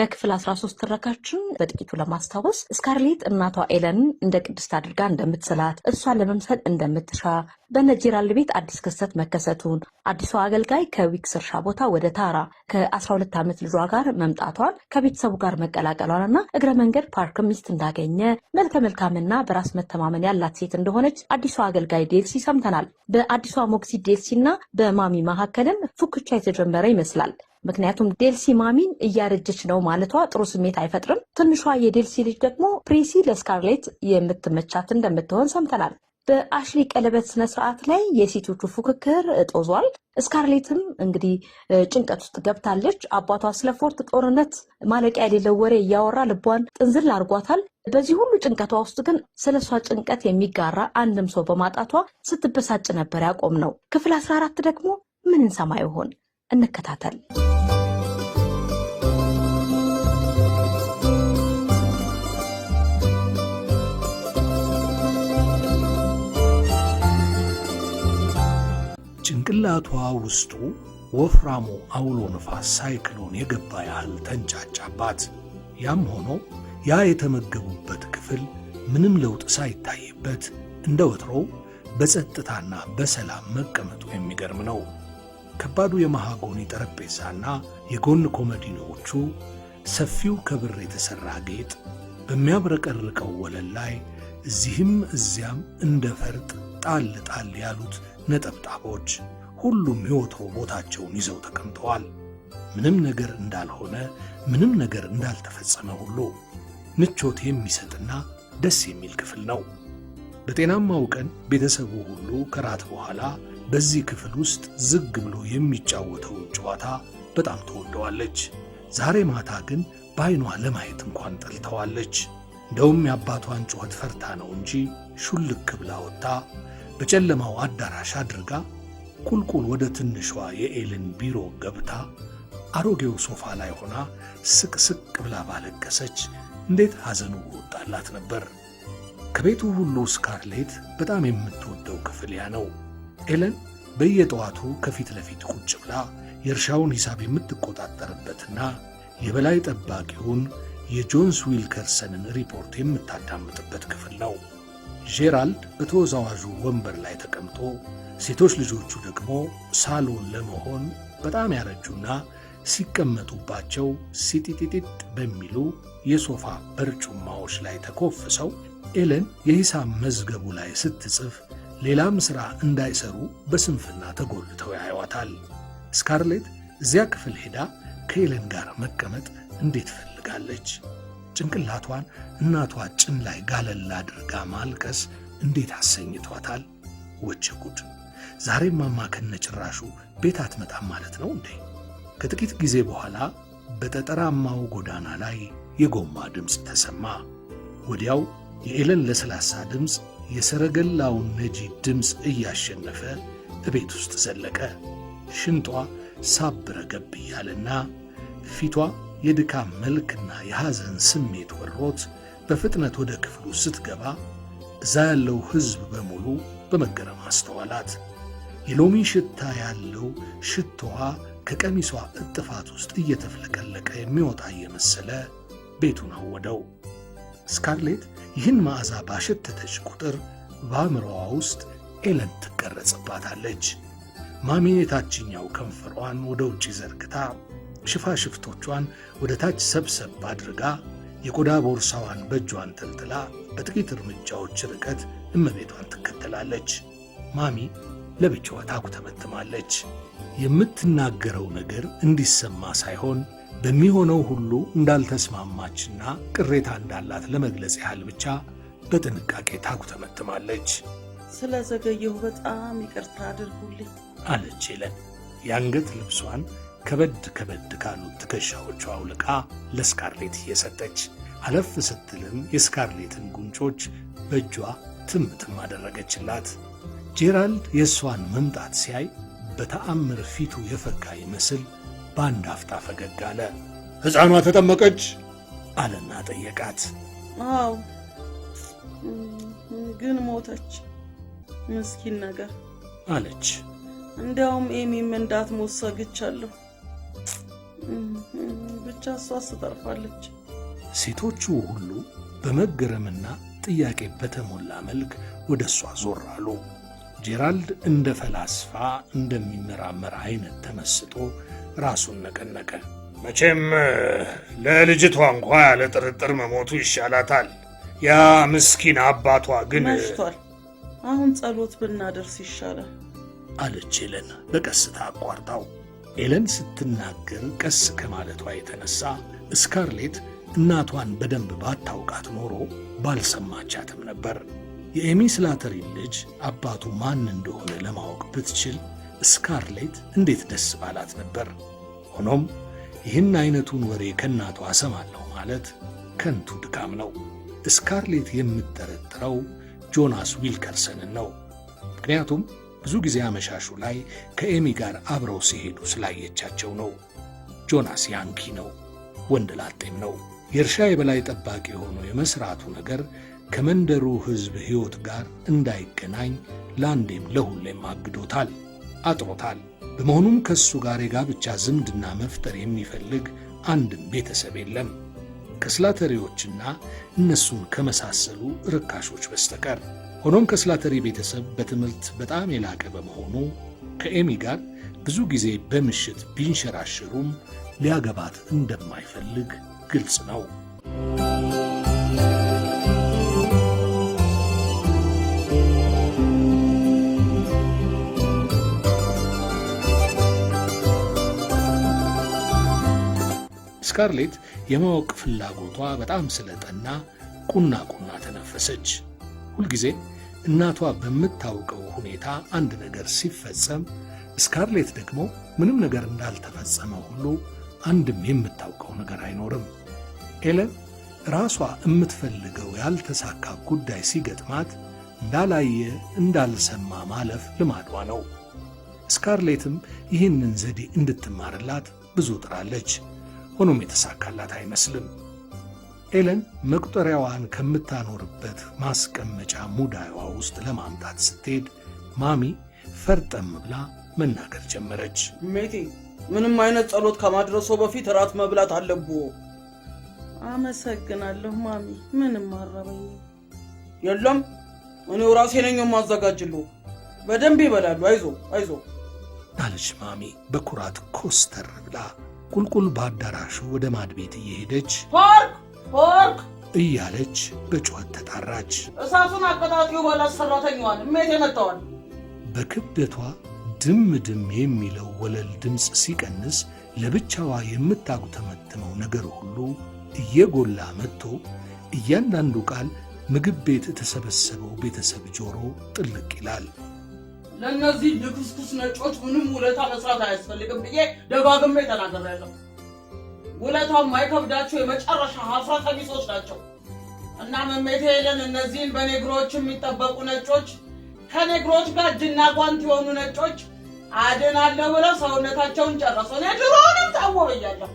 በክፍል 13 ትረካችን በጥቂቱ ለማስታወስ ስካርሌት እናቷ ኤለን እንደ ቅድስት አድርጋ እንደምትስላት እሷን ለመምሰል እንደምትሻ በነጀራል ቤት አዲስ ክስተት መከሰቱን አዲሷ አገልጋይ ከዊክስ እርሻ ቦታ ወደ ታራ ከ12 ዓመት ልጇ ጋር መምጣቷን ከቤተሰቡ ጋር መቀላቀሏን እና እግረ መንገድ ፓርክ ሚስት እንዳገኘ መልከ መልካምና በራስ መተማመን ያላት ሴት እንደሆነች አዲሷ አገልጋይ ዴልሲ ሰምተናል። በአዲሷ ሞግዚት ዴልሲ እና በማሚ መካከልም ፉክቻ የተጀመረ ይመስላል። ምክንያቱም ዴልሲ ማሚን እያረጀች ነው ማለቷ ጥሩ ስሜት አይፈጥርም። ትንሿ የዴልሲ ልጅ ደግሞ ፕሪሲ ለስካርሌት የምትመቻት እንደምትሆን ሰምተናል። በአሽሊ ቀለበት ስነስርዓት ላይ የሴቶቹ ፉክክር ጦዟል። ስካርሌትም እንግዲህ ጭንቀት ውስጥ ገብታለች። አባቷ ስለ ፎርት ጦርነት ማለቂያ የሌለው ወሬ እያወራ ልቧን ጥንዝል አድርጓታል። በዚህ ሁሉ ጭንቀቷ ውስጥ ግን ስለ እሷ ጭንቀት የሚጋራ አንድም ሰው በማጣቷ ስትበሳጭ ነበር ያቆም ነው። ክፍል አስራ አራት ደግሞ ምን እንሰማ ይሆን? እንከታተል። ጭንቅላቷ ውስጡ ወፍራሙ አውሎ ነፋስ ሳይክሎን የገባ ያህል ተንጫጫባት። ያም ሆኖ ያ የተመገቡበት ክፍል ምንም ለውጥ ሳይታይበት እንደ ወትሮው በጸጥታና በሰላም መቀመጡ የሚገርም ነው። ከባዱ የመሃጎኒ ጠረጴዛና የጎን ኮመዲኖዎቹ፣ ሰፊው ከብር የተሠራ ጌጥ በሚያብረቀርቀው ወለል ላይ እዚህም እዚያም እንደ ፈርጥ ጣል ጣል ያሉት ነጠብጣቦች ሁሉም ሕይወተው ቦታቸውን ይዘው ተቀምጠዋል። ምንም ነገር እንዳልሆነ ምንም ነገር እንዳልተፈጸመ ሁሉ ምቾት የሚሰጥና ደስ የሚል ክፍል ነው። በጤናማው ቀን ቤተሰቡ ሁሉ ከራት በኋላ በዚህ ክፍል ውስጥ ዝግ ብሎ የሚጫወተውን ጨዋታ በጣም ተወደዋለች። ዛሬ ማታ ግን በዓይኗ ለማየት እንኳን ጠልተዋለች። እንደውም የአባቷን ጩኸት ፈርታ ነው እንጂ ሹልክ ብላ ወጥታ በጨለማው አዳራሽ አድርጋ ቁልቁል ወደ ትንሿ የኤልን ቢሮ ገብታ አሮጌው ሶፋ ላይ ሆና ስቅስቅ ብላ ባለቀሰች እንዴት ሐዘኑ ወጣላት ነበር። ከቤቱ ሁሉ ስካርሌት በጣም የምትወደው ክፍል ያ ነው። ኤለን በየጠዋቱ ከፊት ለፊት ቁጭ ብላ የእርሻውን ሂሳብ የምትቆጣጠርበትና የበላይ ጠባቂውን የጆንስ ዊልከርሰንን ሪፖርት የምታዳምጥበት ክፍል ነው። ጄራልድ በተወዛዋዡ ወንበር ላይ ተቀምጦ፣ ሴቶች ልጆቹ ደግሞ ሳሎን ለመሆን በጣም ያረጁና ሲቀመጡባቸው ሲጢጢጢጥ በሚሉ የሶፋ በርጩማዎች ላይ ተኮፍሰው ኤለን የሂሳብ መዝገቡ ላይ ስትጽፍ ሌላም ሥራ እንዳይሰሩ በስንፍና ተጎልተው ያዩዋታል። ስካርሌት እዚያ ክፍል ሄዳ ከኤለን ጋር መቀመጥ እንዴት ትችላለች። ጭንቅላቷን እናቷ ጭን ላይ ጋለል አድርጋ ማልቀስ እንዴት አሰኝቷታል! ወቸ ጉድ! ዛሬ ማማከነ ጭራሹ ቤት አትመጣም ማለት ነው እንዴ? ከጥቂት ጊዜ በኋላ በጠጠራማው ጎዳና ላይ የጎማ ድምፅ ተሰማ። ወዲያው የኤለን ለስላሳ ድምፅ የሰረገላውን ነጂ ድምፅ እያሸነፈ እቤት ውስጥ ዘለቀ። ሽንጧ ገብ እያለና ፊቷ የድካም መልክና የሐዘን ስሜት ወሮት በፍጥነት ወደ ክፍሉ ስትገባ እዛ ያለው ሕዝብ በሙሉ በመገረም አስተዋላት። የሎሚ ሽታ ያለው ሽቶዋ ከቀሚሷ እጥፋት ውስጥ እየተፍለቀለቀ የሚወጣ እየመሰለ ቤቱን አወደው። ስካርሌት ይህን መዓዛ ባሸተተች ቁጥር በአእምሮዋ ውስጥ ኤለን ትቀረጽባታለች። ማሜ የታችኛው ከንፈሯን ወደ ውጭ ዘርግታ ሽፋሽፍቶቿን ወደ ታች ሰብሰብ አድርጋ የቆዳ ቦርሳዋን በእጇን ተልትላ በጥቂት እርምጃዎች ርቀት እመቤቷን ትከተላለች። ማሚ ለብቻዋ ታኩተመትማለች። የምትናገረው ነገር እንዲሰማ ሳይሆን በሚሆነው ሁሉ እንዳልተስማማችና ቅሬታ እንዳላት ለመግለጽ ያህል ብቻ በጥንቃቄ ታኩተመትማለች። ስለዘገየሁ በጣም ይቅርታ አድርጉልኝ አለች ሄለን የአንገት ልብሷን ከበድ ከበድ ካሉ ትከሻዎቹ አውልቃ ለስካርሌት እየሰጠች አለፍ ስትልም የስካርሌትን ጉንጮች በእጇ ትምትም አደረገችላት። ጄራልድ የእሷን መምጣት ሲያይ በተአምር ፊቱ የፈካ ይመስል በአንድ አፍታ ፈገግ አለ። ሕፃኗ ተጠመቀች አለና ጠየቃት። አዎ ግን ሞተች፣ ምስኪን ነገር አለች። እንዲያውም ኤሚም እንዳትሞት ሰግቻለሁ። ብቻ እሷ ስተርፋለች። ሴቶቹ ሁሉ በመገረምና ጥያቄ በተሞላ መልክ ወደ እሷ ዞር አሉ። ጄራልድ እንደ ፈላስፋ እንደሚመራመር አይነት ተመስጦ ራሱን ነቀነቀ። መቼም ለልጅቷ እንኳ ያለ ጥርጥር መሞቱ ይሻላታል። ያ ምስኪን አባቷ ግን መሽቷል። አሁን ጸሎት ብናደርስ ይሻላል አለች ሄለን በቀስታ አቋርጣው። ኤለን ስትናገር ቀስ ከማለቷ የተነሳ ስካርሌት እናቷን በደንብ ባታውቃት ኖሮ ባልሰማቻትም ነበር። የኤሚ ስላተሪን ልጅ አባቱ ማን እንደሆነ ለማወቅ ብትችል ስካርሌት እንዴት ደስ ባላት ነበር። ሆኖም ይህን አይነቱን ወሬ ከእናቷ አሰማለሁ ማለት ከንቱ ድካም ነው። ስካርሌት የምትጠረጥረው ጆናስ ዊልከርሰንን ነው። ምክንያቱም ብዙ ጊዜ አመሻሹ ላይ ከኤሚ ጋር አብረው ሲሄዱ ስላየቻቸው ነው። ጆናስ ያንኪ ነው፣ ወንድ ላጤም ነው። የእርሻ የበላይ ጠባቂ የሆነው የመስራቱ ነገር ከመንደሩ ሕዝብ ሕይወት ጋር እንዳይገናኝ ለአንዴም ለሁሌም አግዶታል፣ አጥሮታል። በመሆኑም ከእሱ ጋር የጋብቻ ዝምድና መፍጠር የሚፈልግ አንድም ቤተሰብ የለም ከስላተሪዎችና እነሱን ከመሳሰሉ ርካሾች በስተቀር። ሆኖም ከስላተሪ ቤተሰብ በትምህርት በጣም የላቀ በመሆኑ ከኤሚ ጋር ብዙ ጊዜ በምሽት ቢንሸራሸሩም ሊያገባት እንደማይፈልግ ግልጽ ነው። ስካርሌት የማወቅ ፍላጎቷ በጣም ስለጠና ቁና ቁና ተነፈሰች። ሁልጊዜ እናቷ በምታውቀው ሁኔታ አንድ ነገር ሲፈጸም፣ ስካርሌት ደግሞ ምንም ነገር እንዳልተፈጸመ ሁሉ አንድም የምታውቀው ነገር አይኖርም። ኤለን ራሷ የምትፈልገው ያልተሳካ ጉዳይ ሲገጥማት እንዳላየ እንዳልሰማ ማለፍ ልማዷ ነው። ስካርሌትም ይህንን ዘዴ እንድትማርላት ብዙ ጥራለች። ሆኖም የተሳካላት አይመስልም። ኤለን መቁጠሪያዋን ከምታኖርበት ማስቀመጫ ሙዳይዋ ውስጥ ለማምጣት ስትሄድ ማሚ ፈርጠም ብላ መናገር ጀመረች። ሜቴ ምንም አይነት ጸሎት ከማድረሶ በፊት እራት መብላት አለብ። አመሰግናለሁ ማሚ፣ ምንም አረበኝ። የለም እኔው ራሴ ነኝ የማዘጋጅሉ። በደንብ ይበላሉ። አይዞ አይዞ አለች ማሚ በኩራት ኮስተር ብላ ቁልቁል በአዳራሹ ወደ ማድ ቤት እየሄደች ፓርክ ወርቅ እያለች በጩኸት ተጣራች። እሳቱን አቀጣጥዩ ባላት ሰራተኛዋን እሜት የመጣዋል። በክብደቷ ድም ድም የሚለው ወለል ድምፅ ሲቀንስ ለብቻዋ የምታጉተመትመው ነገር ሁሉ እየጎላ መጥቶ እያንዳንዱ ቃል ምግብ ቤት የተሰበሰበው ቤተሰብ ጆሮ ጥልቅ ይላል። ለእነዚህ ልኩስኩስ ነጮች ምንም ውለታ መስራት አያስፈልግም ብዬ ደጋግሜ ተናገር ያለው ውለታው የማይከብዳቸው የመጨረሻ ሀፍራ ቀሚሶች ናቸው እና እመቤቴ ሄለን እነዚህን በኔግሮዎች የሚጠበቁ ነጮች ከኔግሮች ጋር እጅና ጓንት የሆኑ ነጮች አድናለሁ ብለው ሰውነታቸውን ጨረሱ። እኔ ድሮውንም ታወበያለሁ።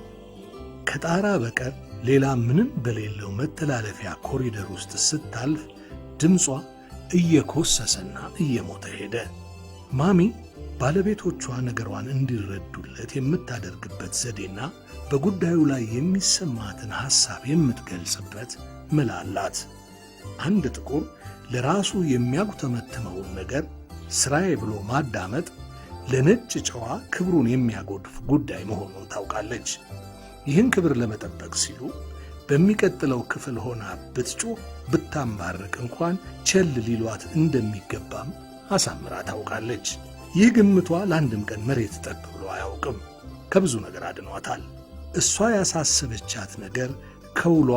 ከጣራ በቀር ሌላ ምንም በሌለው መተላለፊያ ኮሪደር ውስጥ ስታልፍ ድምጿ እየኮሰሰና እየሞተ ሄደ። ማሚ ባለቤቶቿ ነገሯን እንዲረዱለት የምታደርግበት ዘዴና በጉዳዩ ላይ የሚሰማትን ሐሳብ የምትገልጽበት መላ አላት። አንድ ጥቁር ለራሱ የሚያጉተመትመውን ነገር ሥራዬ ብሎ ማዳመጥ ለነጭ ጨዋ ክብሩን የሚያጎድፍ ጉዳይ መሆኑን ታውቃለች። ይህን ክብር ለመጠበቅ ሲሉ በሚቀጥለው ክፍል ሆና ብትጮህ ብታንባርቅ እንኳን ቸል ሊሏት እንደሚገባም አሳምራ ታውቃለች። ይህ ግምቷ ለአንድም ቀን መሬት ጠቅ ብሎ አያውቅም። ከብዙ ነገር አድኗታል። እሷ ያሳሰበቻት ነገር ከውሏ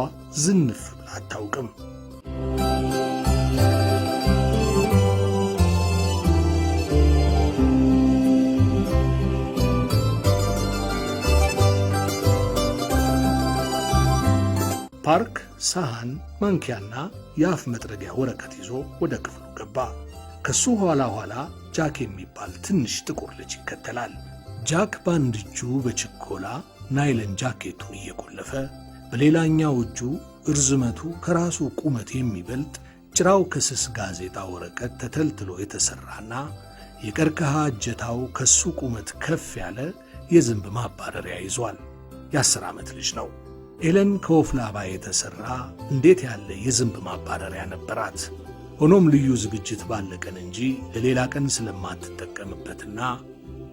ዝንፍ ብላ አታውቅም። ፓርክ ሳህን፣ ማንኪያና የአፍ መጥረጊያ ወረቀት ይዞ ወደ ክፍሉ ገባ። ከሱ ኋላ ኋላ ጃክ የሚባል ትንሽ ጥቁር ልጅ ይከተላል። ጃክ በአንድ እጁ በችኮላ ናይለን ጃኬቱን እየቆለፈ በሌላኛው እጁ እርዝመቱ ከራሱ ቁመት የሚበልጥ ጭራው ከስስ ጋዜጣ ወረቀት ተተልትሎ የተሠራና የቀርከሃ እጀታው ከሱ ቁመት ከፍ ያለ የዝንብ ማባረሪያ ይዟል። የአስር ዓመት ልጅ ነው። ኤለን ከወፍላባ የተሠራ እንዴት ያለ የዝንብ ማባረሪያ ነበራት! ሆኖም ልዩ ዝግጅት ባለ ቀን እንጂ ለሌላ ቀን ስለማትጠቀምበትና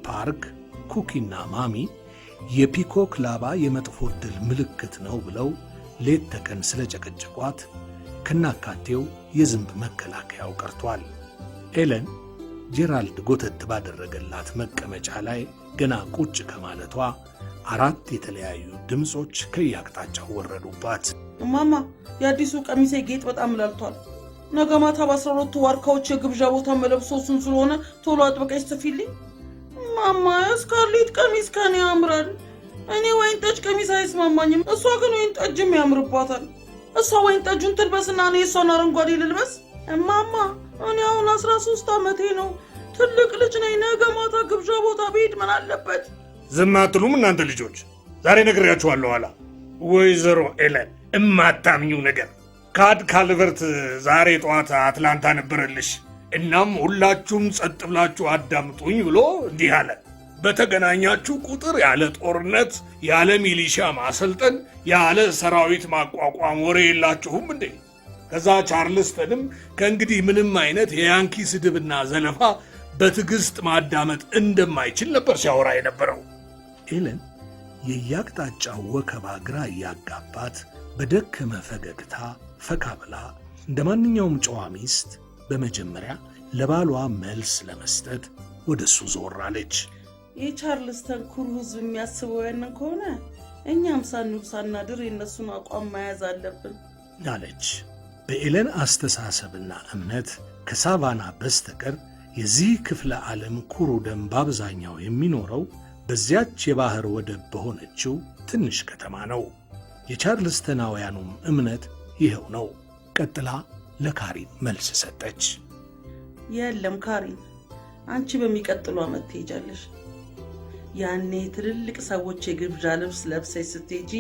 ፓርክ ኩኪና ማሚ የፒኮክ ላባ የመጥፎ ዕድል ምልክት ነው ብለው ሌት ተቀን ስለጨቀጨቋት ከናካቴው የዝንብ መከላከያው ቀርቷል። ኤለን ጄራልድ ጎተት ባደረገላት መቀመጫ ላይ ገና ቁጭ ከማለቷ አራት የተለያዩ ድምፆች ከየአቅጣጫው ወረዱባት። እማማ፣ የአዲሱ ቀሚሴ ጌጥ በጣም ላልቷል ነገ ማታ በአስራ ሁለቱ ዋርካዎች የግብዣ ቦታ መለብሶ እሱን ስለሆነ ቶሎ አጥብቀሽ ጽፊልኝ ማማ። ስካርሌት ቀሚስ ከኔ ያምራል። እኔ ወይን ጠጅ ቀሚስ አይስማማኝም። እሷ ግን ወይን ጠጅም ያምርባታል። እሷ ወይን ጠጁን ትልበስና እኔ የእሷን አረንጓዴ ልልበስ። እማማ እኔ አሁን አስራ ሶስት ዓመቴ ነው። ትልቅ ልጅ ነኝ። ነገ ማታ ግብዣ ቦታ ብሄድ ምን አለበት? ዝም አትሉም እናንተ ልጆች? ዛሬ ነግሬያችኋለሁ። ኋላ ወይዘሮ ኤለን እማታምኙ ነገር ካድ ካልቨርት ዛሬ ጠዋት አትላንታ ነበረልሽ። እናም ሁላችሁም ጸጥ ብላችሁ አዳምጡኝ ብሎ እንዲህ አለ። በተገናኛችሁ ቁጥር ያለ ጦርነት፣ ያለ ሚሊሻ ማሰልጠን፣ ያለ ሰራዊት ማቋቋም ወሬ የላችሁም እንዴ? ከዛ ቻርልስተንም ከእንግዲህ ምንም አይነት የያንኪ ስድብና ዘለፋ በትግስት ማዳመጥ እንደማይችል ነበር ሲያወራ የነበረው። ኤለን የየአቅጣጫው ወከባ ግራ እያጋባት በደከመ ፈገግታ ፈካ ብላ እንደ ማንኛውም ጨዋ ሚስት በመጀመሪያ ለባሏ መልስ ለመስጠት ወደ እሱ ዞር አለች። የቻርልስተን ኩሩ ህዝብ የሚያስበው ያንን ከሆነ እኛም ሳንውል ሳናድር የእነሱን አቋም መያዝ አለብን አለች። በኤለን አስተሳሰብና እምነት ከሳቫና በስተቀር የዚህ ክፍለ ዓለም ኩሩ ደም በአብዛኛው የሚኖረው በዚያች የባህር ወደብ በሆነችው ትንሽ ከተማ ነው። የቻርልስተናውያኑም እምነት ይኸው ነው። ቀጥላ ለካሪን መልስ ሰጠች። የለም ካሪን፣ አንቺ በሚቀጥሉ ዓመት ትሄጃለሽ። ያኔ ትልልቅ ሰዎች የግብዣ ልብስ ለብሰሽ ስትሄጂ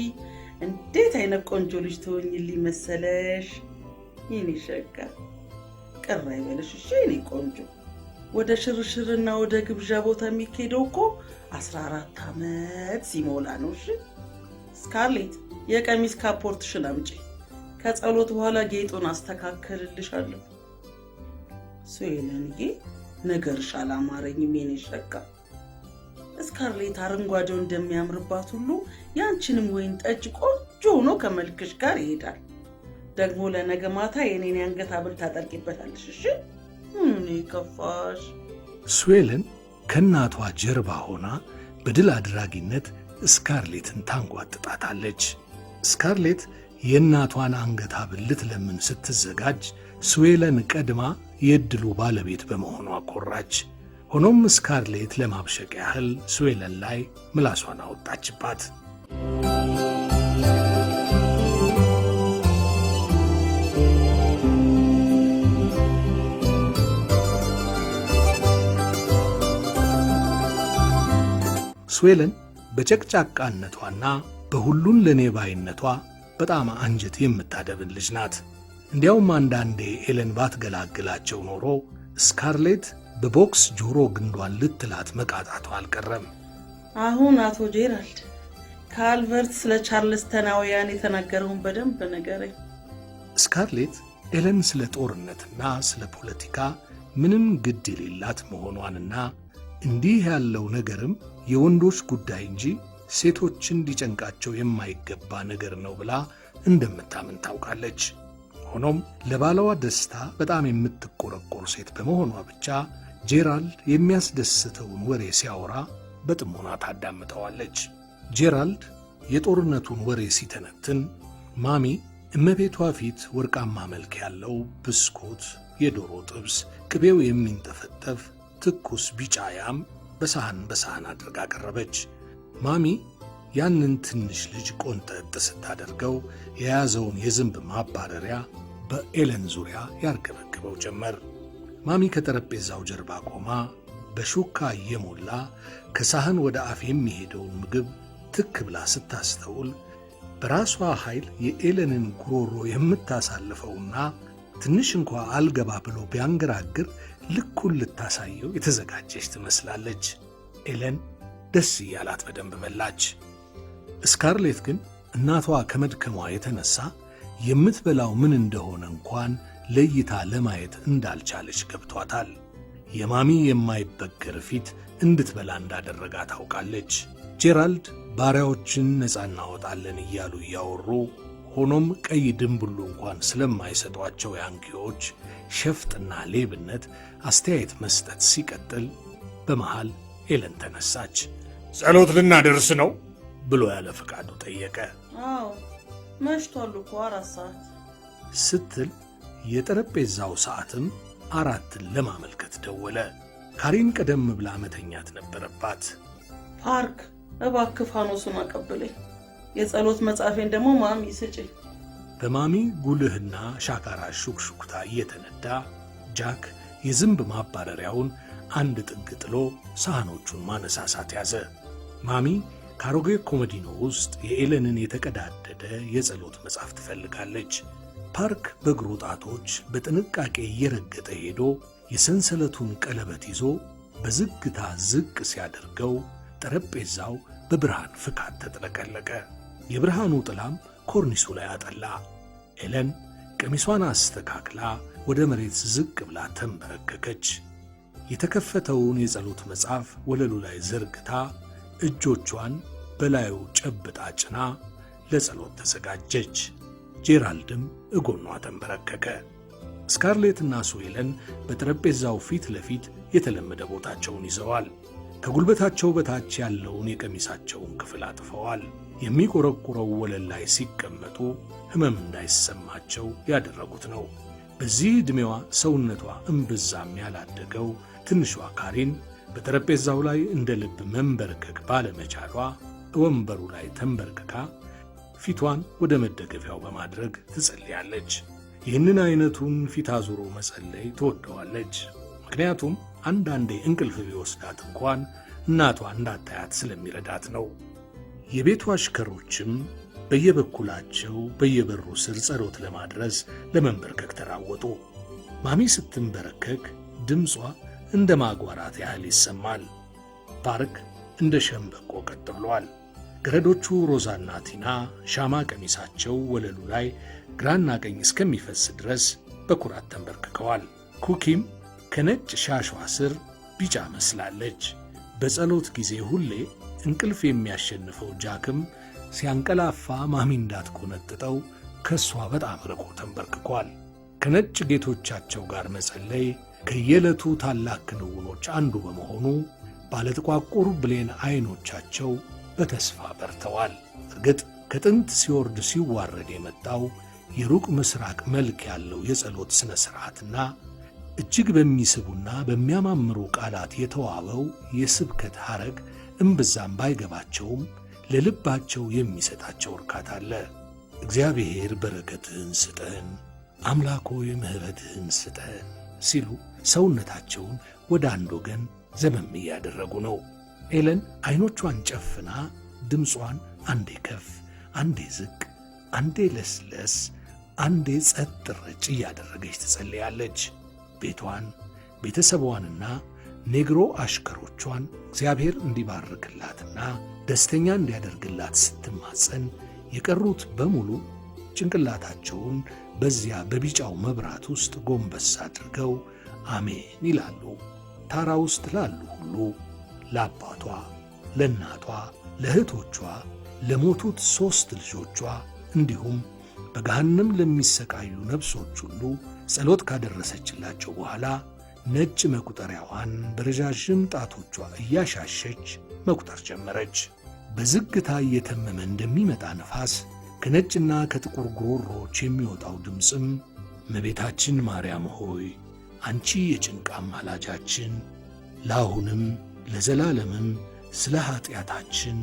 እንዴት አይነት ቆንጆ ልጅ ትሆኝልኝ መሰለሽ። ይህኔ ሸጋ ቅር አይበለሽ እሺ። ይኔ ቆንጆ ወደ ሽርሽርና ወደ ግብዣ ቦታ የሚካሄደው እኮ አስራ አራት ዓመት ሲሞላ ነው። እሺ ስካርሌት፣ የቀሚስ ካፖርትሽን አምጪ። ከጸሎት በኋላ ጌጡን አስተካከልልሻለሁ። እሱ የለንዬ ነገርሽ አላማረኝም ሜን ይሸቃ እስካርሌት አረንጓዴው እንደሚያምርባት ሁሉ ያንቺንም ወይን ጠጅ ቆንጆ ሆኖ ከመልክሽ ጋር ይሄዳል። ደግሞ ለነገ ማታ የኔን የአንገት ሐብል ታጠልቂበታለሽ። እሺ ምን ይከፋሽ? ስዌልን ከእናቷ ጀርባ ሆና በድል አድራጊነት ስካርሌትን ታንጓጥጣታለች። ስካርሌት የእናቷን አንገት ሐብል ልትለምን ስትዘጋጅ ስዌለን ቀድማ የዕድሉ ባለቤት በመሆኗ ኮራች። ሆኖም ስካርሌት ለማብሸቅ ያህል ስዌለን ላይ ምላሷን አወጣችባት። ስዌለን በጨቅጫቃነቷና በሁሉን ለኔ ባይነቷ በጣም አንጀት የምታደብን ልጅ ናት። እንዲያውም አንዳንዴ ኤለን ባትገላግላቸው ኖሮ ስካርሌት በቦክስ ጆሮ ግንዷን ልትላት መቃጣቱ አልቀረም። አሁን አቶ ጄራልድ ከአልቨርት ስለ ቻርልስተናውያን የተናገረውን በደንብ ንገረኝ። ስካርሌት ኤለን ስለ ጦርነትና ስለ ፖለቲካ ምንም ግድ የሌላት መሆኗንና እንዲህ ያለው ነገርም የወንዶች ጉዳይ እንጂ ሴቶችን ሊጨንቃቸው የማይገባ ነገር ነው ብላ እንደምታምን ታውቃለች። ሆኖም ለባለዋ ደስታ በጣም የምትቆረቆር ሴት በመሆኗ ብቻ ጄራልድ የሚያስደስተውን ወሬ ሲያወራ በጥሞና ታዳምጠዋለች። ጄራልድ የጦርነቱን ወሬ ሲተነትን ማሚ እመቤቷ ፊት ወርቃማ መልክ ያለው ብስኩት፣ የዶሮ ጥብስ፣ ቅቤው የሚንጠፈጠፍ ትኩስ ቢጫ ያም በሳህን በሳህን አድርጋ አቀረበች። ማሚ ያንን ትንሽ ልጅ ቆንጠጥ ስታደርገው የያዘውን የዝንብ ማባረሪያ በኤለን ዙሪያ ያርገበግበው ጀመር። ማሚ ከጠረጴዛው ጀርባ ቆማ በሹካ እየሞላ ከሳህን ወደ አፍ የሚሄደውን ምግብ ትክ ብላ ስታስተውል በራሷ ኃይል የኤለንን ጉሮሮ የምታሳልፈውና ትንሽ እንኳ አልገባ ብሎ ቢያንገራግር ልኩን ልታሳየው የተዘጋጀች ትመስላለች ኤለን ደስ እያላት በደንብ በላች። ስካርሌት ግን እናቷ ከመድከሟ የተነሳ የምትበላው ምን እንደሆነ እንኳን ለይታ ለማየት እንዳልቻለች ገብቷታል። የማሚ የማይበገር ፊት እንድትበላ እንዳደረጋ ታውቃለች። ጄራልድ ባሪያዎችን ነፃ እናወጣለን እያሉ እያወሩ ሆኖም ቀይ ድንብሉ እንኳን ስለማይሰጧቸው ያንኪዎች ሸፍጥና ሌብነት አስተያየት መስጠት ሲቀጥል በመሃል ኤለን ተነሳች። ጸሎት ልናደርስ ነው ብሎ ያለ ፈቃዱ ጠየቀ። አዎ መሽቷል እኮ አራት ሰዓት ስትል የጠረጴዛው ሰዓትም አራትን ለማመልከት ደወለ። ካሪን ቀደም ብላ መተኛት ነበረባት። ፓርክ እባክህ ፋኖሱን አቀብለኝ፣ የጸሎት መጽሐፌን ደግሞ ማሚ ስጭኝ። በማሚ ጉልህና ሻካራ ሹክሹክታ እየተነዳ ጃክ የዝንብ ማባረሪያውን አንድ ጥግ ጥሎ ሳህኖቹን ማነሳሳት ያዘ። ማሚ ከአሮጌ ኮመዲኖ ውስጥ የኤለንን የተቀዳደደ የጸሎት መጽሐፍ ትፈልጋለች። ፓርክ በእግሩ ጣቶች በጥንቃቄ እየረገጠ ሄዶ የሰንሰለቱን ቀለበት ይዞ በዝግታ ዝቅ ሲያደርገው ጠረጴዛው በብርሃን ፍካት ተጥለቀለቀ። የብርሃኑ ጥላም ኮርኒሱ ላይ አጠላ። ኤለን ቀሚሷን አስተካክላ ወደ መሬት ዝቅ ብላ ተንበረከከች። የተከፈተውን የጸሎት መጽሐፍ ወለሉ ላይ ዘርግታ እጆቿን በላዩ ጨብጣ ጭና ለጸሎት ተዘጋጀች። ጄራልድም እጎኗ ተንበረከከ። እና ሱዌለን በጠረጴዛው ፊት ለፊት የተለመደ ቦታቸውን ይዘዋል። ከጉልበታቸው በታች ያለውን የቀሚሳቸውን ክፍል አጥፈዋል። የሚቆረቁረው ወለል ላይ ሲቀመጡ ሕመም እንዳይሰማቸው ያደረጉት ነው። በዚህ ዕድሜዋ ሰውነቷ እምብዛም ያላደገው ትንሿ ካሪን በጠረጴዛው ላይ እንደ ልብ መንበርከክ ባለመቻሏ ወንበሩ ላይ ተንበርክካ ፊቷን ወደ መደገፊያው በማድረግ ትጸልያለች። ይህንን አይነቱን ፊት አዙሮ መጸለይ ትወደዋለች። ምክንያቱም አንዳንዴ እንቅልፍ ቢወስዳት እንኳን እናቷ እንዳታያት ስለሚረዳት ነው። የቤቱ አሽከሮችም በየበኩላቸው በየበሩ ስር ጸሎት ለማድረስ ለመንበርከክ ተራወጡ። ማሚ ስትንበረከክ ድምጿ እንደ ማጓራት ያህል ይሰማል። ፓርክ እንደ ሸምበቆ ቀጥ ብሏል። ገረዶቹ ሮዛና ቲና ሻማ ቀሚሳቸው ወለሉ ላይ ግራና ቀኝ እስከሚፈስ ድረስ በኩራት ተንበርክከዋል። ኩኪም ከነጭ ሻሿ ስር ቢጫ መስላለች። በጸሎት ጊዜ ሁሌ እንቅልፍ የሚያሸንፈው ጃክም ሲያንቀላፋ ማሚ እንዳትቆነጥጠው ከእሷ በጣም ርቆ ተንበርክኳል። ከነጭ ጌቶቻቸው ጋር መጸለይ ከየዕለቱ ታላቅ ክንውኖች አንዱ በመሆኑ ባለጥቋቁር ብሌን ዐይኖቻቸው በተስፋ በርተዋል። እርግጥ ከጥንት ሲወርድ ሲዋረድ የመጣው የሩቅ ምሥራቅ መልክ ያለው የጸሎት ሥነ ሥርዓትና እጅግ በሚስቡና በሚያማምሩ ቃላት የተዋበው የስብከት ሐረግ እምብዛም ባይገባቸውም ለልባቸው የሚሰጣቸው እርካታ አለ። እግዚአብሔር በረከትህን ስጠን አምላኮ የምሕረትህን ስጠን ሲሉ ሰውነታቸውን ወደ አንድ ወገን ዘመም እያደረጉ ነው። ኤለን አይኖቿን ጨፍና ድምጿን አንዴ ከፍ፣ አንዴ ዝቅ፣ አንዴ ለስለስ፣ አንዴ ጸጥ ረጭ እያደረገች ትጸልያለች። ቤቷን፣ ቤተሰቧንና ኔግሮ አሽከሮቿን እግዚአብሔር እንዲባርክላትና ደስተኛ እንዲያደርግላት ስትማጸን የቀሩት በሙሉ ጭንቅላታቸውን በዚያ በቢጫው መብራት ውስጥ ጎንበስ አድርገው አሜን ይላሉ። ታራ ውስጥ ላሉ ሁሉ ለአባቷ፣ ለእናቷ፣ ለእህቶቿ፣ ለሞቱት ሦስት ልጆቿ እንዲሁም በገሃነም ለሚሰቃዩ ነፍሶች ሁሉ ጸሎት ካደረሰችላቸው በኋላ ነጭ መቁጠሪያዋን በረዣዥም ጣቶቿ እያሻሸች መቁጠር ጀመረች። በዝግታ እየተመመ እንደሚመጣ ነፋስ ከነጭና ከጥቁር ጉሮሮች የሚወጣው ድምፅም እመቤታችን ማርያም ሆይ አንቺ የጭንቃ አማላጃችን ለአሁንም ለዘላለምም ስለ ኀጢአታችን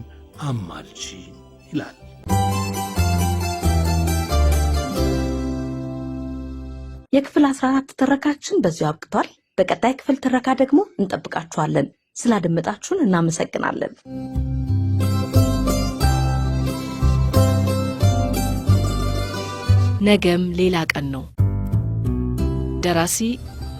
አማልጂ ይላል። የክፍል 14 ትረካችን በዚሁ አብቅቷል። በቀጣይ ክፍል ትረካ ደግሞ እንጠብቃችኋለን። ስላደመጣችሁን እናመሰግናለን። ነገም ሌላ ቀን ነው። ደራሲ